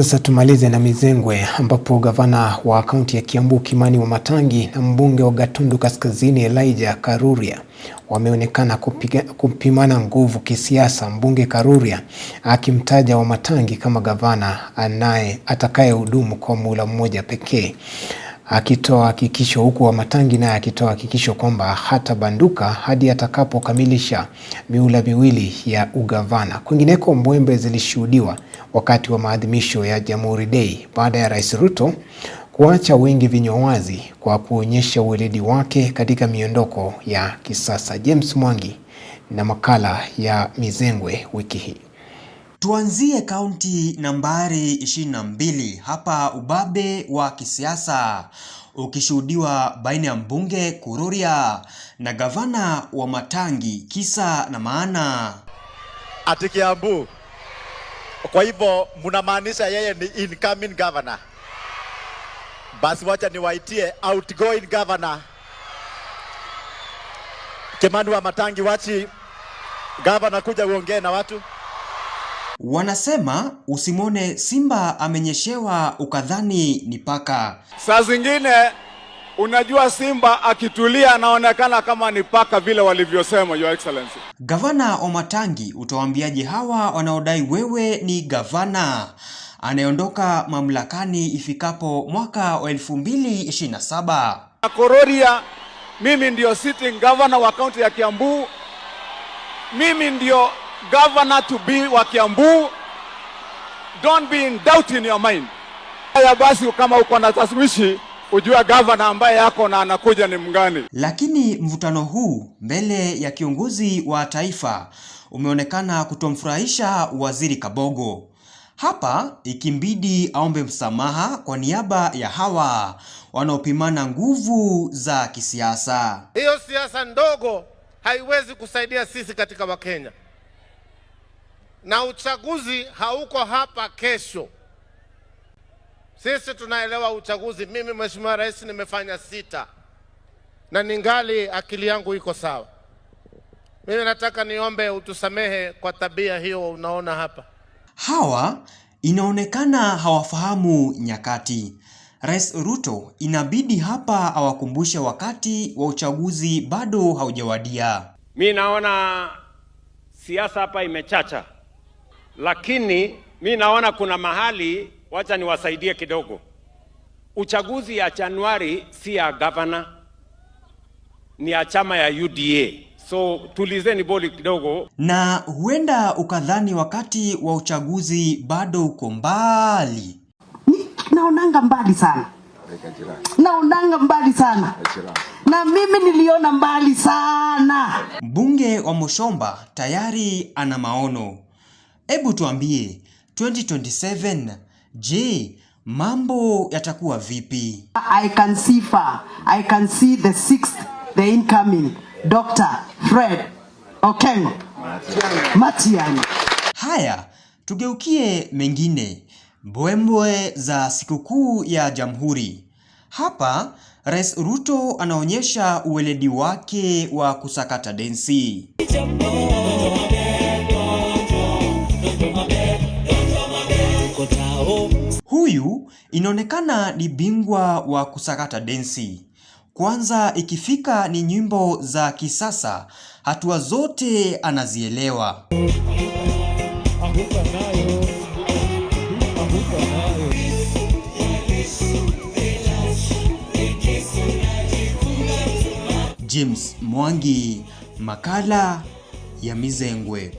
Sasa tumalize na Mizengwe ambapo gavana wa kaunti ya Kiambu Kimani Wamatangi na mbunge wa Gatundu Kaskazini Elijah karuria wameonekana kupiga, kupimana nguvu kisiasa, mbunge karuria akimtaja Wamatangi kama gavana anaye atakayehudumu kwa muhula mmoja pekee akitoa hakikisho, huku wa matangi naye akitoa hakikisho kwamba hata banduka hadi atakapokamilisha miula miwili ya ugavana. Kwingineko, mbwembe zilishuhudiwa wakati wa maadhimisho ya Jamhuri Day baada ya Rais Ruto kuacha wengi vinywa wazi kwa kuonyesha uweledi wake katika miondoko ya kisasa. James Mwangi na makala ya Mizengwe wiki hii. Tuanzie kaunti nambari 22 hapa, ubabe wa kisiasa ukishuhudiwa baina ya mbunge Kururia na gavana wa Matangi. Kisa na maana ati Kiambu. Kwa hivyo mnamaanisha yeye ni incoming governor? Basi wacha niwaitie outgoing governor Kimani wa Matangi. Wachi gavana kuja uongee na watu. Wanasema usimwone simba amenyeshewa ukadhani ni paka. Saa zingine unajua simba akitulia anaonekana kama ni paka vile walivyosema, Your Excellency. Gavana Omatangi, utawaambiaje hawa wanaodai wewe ni gavana anayeondoka mamlakani ifikapo mwaka wa 2027? Kororia, mimi ndio sitting governor wa kaunti ya Kiambu, mimi ndio governor to be wa Kiambu, don't be in doubt in your mind. Haya basi, kama uko na taswishi ujua governor ambaye yako na anakuja ni mgani. Lakini mvutano huu mbele ya kiongozi wa taifa umeonekana kutomfurahisha Waziri Kabogo, hapa ikimbidi aombe msamaha kwa niaba ya hawa wanaopimana nguvu za kisiasa. Hiyo siasa ndogo haiwezi kusaidia sisi katika Wakenya na uchaguzi hauko hapa kesho. Sisi tunaelewa uchaguzi. Mimi Mheshimiwa Rais nimefanya sita na ningali akili yangu iko sawa. Mimi nataka niombe utusamehe kwa tabia hiyo unaona hapa. Hawa inaonekana hawafahamu nyakati. Rais Ruto inabidi hapa awakumbushe wakati wa uchaguzi bado haujawadia. Mi naona siasa hapa imechacha lakini mi naona kuna mahali, wacha niwasaidie kidogo. Uchaguzi ya Januari si ya gavana, ni ya chama ya UDA. So tulizeni boli kidogo. Na huenda ukadhani wakati wa uchaguzi bado uko mbali. Naonanga mbali sana, naonanga mbali sana, na mimi niliona mbali sana. Mbunge wa Mushomba tayari ana maono. Hebu tuambie 2027, je, mambo yatakuwa vipi? I can see far. I can see the sixth, the incoming Dr. Fred Okengo Matiang'i. Haya, tugeukie mengine. Mbwembwe za sikukuu ya Jamhuri. Hapa Rais Ruto anaonyesha uweledi wake wa kusakata densi. Inaonekana ni bingwa wa kusakata densi. Kwanza ikifika ni nyimbo za kisasa, hatua zote anazielewa. James Mwangi, makala ya Mizengwe.